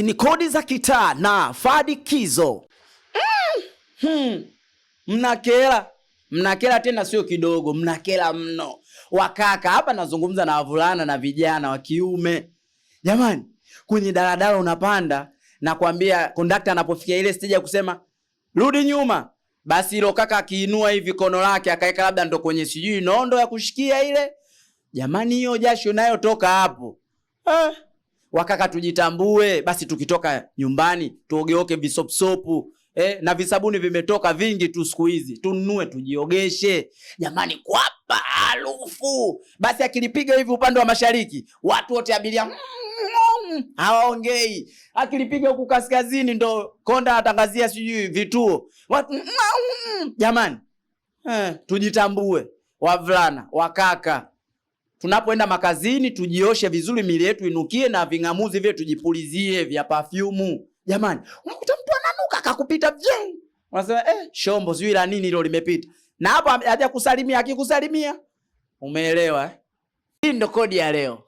hizi ni kodi za kitaa na fadikizo. Eh! Hmm. Mnakela, mnakela tena sio kidogo, mnakela mno wakaka. Hapa nazungumza na wavulana na vijana wa kiume. Jamani, kwenye daladala unapanda na kuambia kondakta, anapofikia ile stage ya kusema rudi nyuma, basi ilo kaka akiinua hivi kono lake akaweka labda ndo kwenye sijui nondo ya kushikia ile, jamani, hiyo jasho toka hapo eh wakaka tujitambue basi, tukitoka nyumbani tuogeoke visopsopu eh, na visabuni vimetoka vingi tu siku hizi, tununue tujiogeshe jamani, kwapa harufu basi. Akilipiga hivi upande wa mashariki watu wote abiria mm, mm, hawaongei. Akilipiga huku kaskazini ndo konda atangazia sijui vituo watu mm, jamani eh, tujitambue wavulana wakaka tunapoenda makazini tujioshe vizuri, mili yetu inukie, na ving'amuzi vile tujipulizie vya pafyumu. Jamani, unakuta mtu ananuka akakupita vye, unasema eh, shombo sijui la nini hilo limepita, na hapo haja kusalimia, akikusalimia umeelewa eh? Hii ndo kodi ya leo.